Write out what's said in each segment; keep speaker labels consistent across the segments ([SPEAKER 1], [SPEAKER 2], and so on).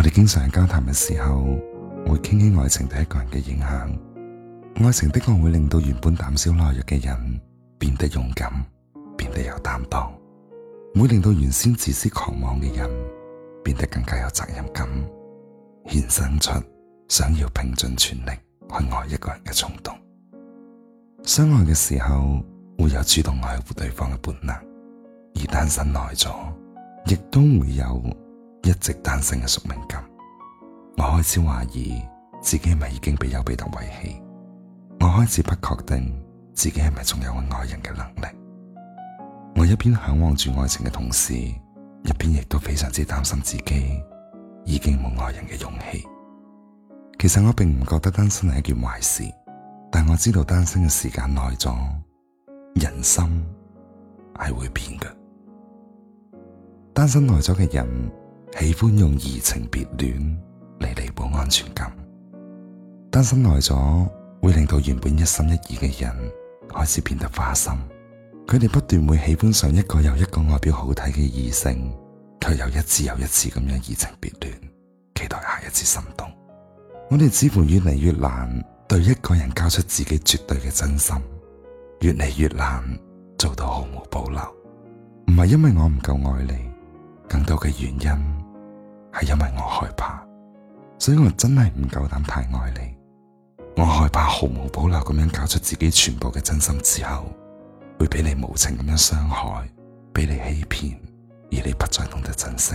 [SPEAKER 1] 我哋經常喺交談嘅時候，會傾傾愛情對一個人嘅影響。愛情的確會令到原本膽小懦弱嘅人變得勇敢，變得有擔當；會令到原先自私狂妄嘅人變得更加有責任感，衍生出想要拼盡全力去愛一個人嘅衝動。相愛嘅時候會有主動愛護對方嘅本能，而單身耐咗亦都會有。一直單身嘅宿命感，我開始懷疑自己係咪已經俾丘比特遺棄，我開始不確定自己係咪仲有愛人嘅能力。我一邊向往住愛情嘅同時，一邊亦都非常之擔心自己已經冇愛人嘅勇氣。其實我並唔覺得單身係一件壞事，但我知道單身嘅時間耐咗，人心係會變嘅。單身耐咗嘅人。喜歡用移情別戀嚟彌補安全感，單身耐咗會令到原本一心一意嘅人開始變得花心，佢哋不斷會喜歡上一個又一個外表好睇嘅異性，卻又一次又一次咁樣移情別戀，期待下一次心動。我哋似乎越嚟越難對一個人交出自己絕對嘅真心，越嚟越難做到毫無保留。唔係因為我唔夠愛你，更多嘅原因。係因為我害怕，所以我真係唔夠膽太愛你。我害怕毫無保留咁樣搞出自己全部嘅真心之後，會俾你無情咁樣傷害，俾你欺騙，而你不再懂得珍惜，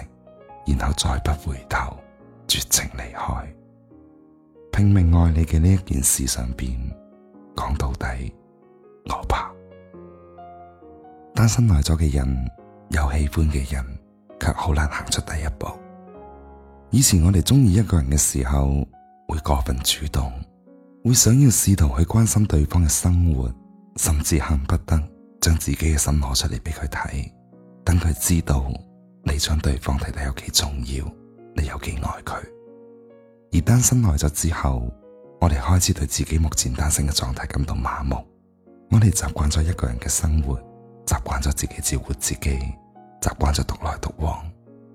[SPEAKER 1] 然後再不回頭，絕情離開。拼命愛你嘅呢一件事上邊，講到底，我怕。單身耐咗嘅人，有喜歡嘅人，卻好難行出第一步。以前我哋中意一個人嘅時候，會過分主動，會想要試圖去關心對方嘅生活，甚至恨不得將自己嘅心攞出嚟俾佢睇，等佢知道你將對方睇得有幾重要，你有幾愛佢。而單身耐咗之後，我哋開始對自己目前單身嘅狀態感到麻木，我哋習慣咗一個人嘅生活，習慣咗自己照顧自己，習慣咗獨來獨往，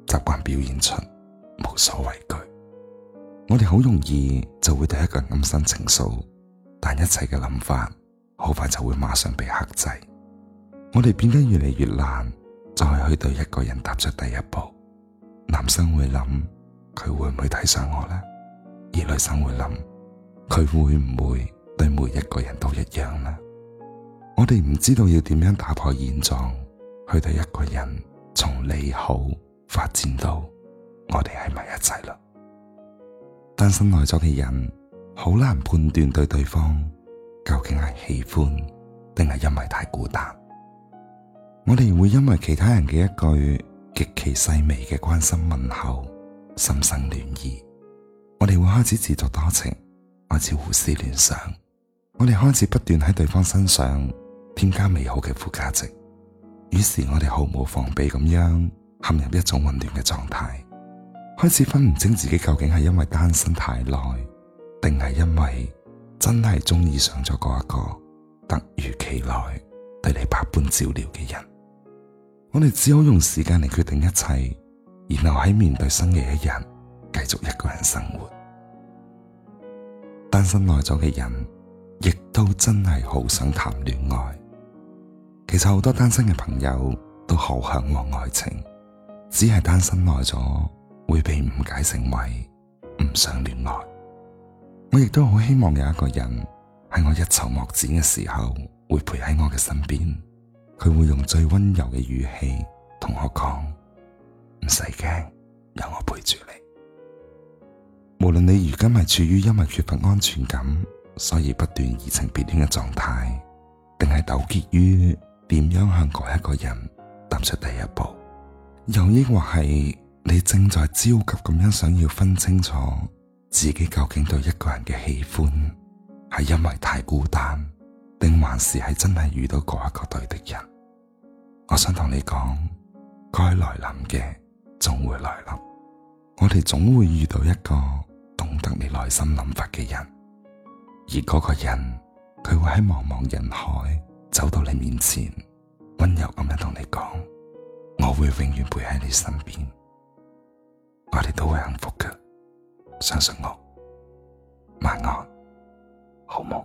[SPEAKER 1] 習慣表現出。無所畏懼，我哋好容易就會對一個人暗生情愫，但一切嘅諗法好快就會馬上被克制。我哋變得越嚟越難再去對一個人踏出第一步。男生會諗，佢會唔會睇上我呢？而女生會諗，佢會唔會對每一個人都一樣呢？我哋唔知道要點樣打破現狀，去對一個人從你好發展到。我哋喺埋一齊啦。單身耐咗嘅人好難判斷對對方究竟係喜歡，定係因為太孤單。我哋會因為其他人嘅一句極其細微嘅關心問候，心生暖意。我哋會開始自作多情，開始胡思亂想。我哋開始不斷喺對方身上添加美好嘅附加值，於是我哋毫無防備咁樣陷入一種混亂嘅狀態。開始分唔清自己究竟係因為單身太耐，定係因為真係中意上咗嗰一個，突如其來對你百般照料嘅人。我哋只好用時間嚟決定一切，然後喺面對新嘅一日，繼續一個人生活。單身耐咗嘅人，亦都真係好想談戀愛。其實好多單身嘅朋友都好向往愛情，只係單身耐咗，會被誤解成為唔想戀愛。我亦都好希望有一個人喺我一籌莫展嘅時候會陪喺我嘅身邊，佢會用最温柔嘅語氣同我講，唔使驚，有我陪住你。無論你如今係處於因為缺乏安全感，所以不斷移情別戀嘅狀態，定係糾結於點樣向嗰一個人踏出第一步，又抑或係，你正在焦急咁樣想要分清楚自己究竟對一個人嘅喜歡，係因為太孤單，定還是係真係遇到嗰一個對的人？我想同你講，該來臨嘅總會來臨，我哋總會遇到一個懂得你內心諗法嘅人，而嗰個人佢會喺茫茫人海走到你面前，溫柔咁樣同你講：我會永遠陪喺你身邊。我哋都會幸福嘅，相信我，晚安，好冇？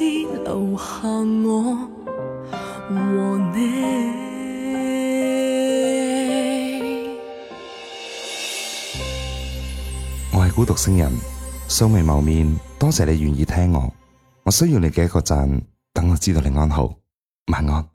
[SPEAKER 2] 留下我和你。
[SPEAKER 1] 我係孤獨星人，素未謀面，多謝你願意聽我。我需要你嘅一個讚，等我知道你安好，晚安。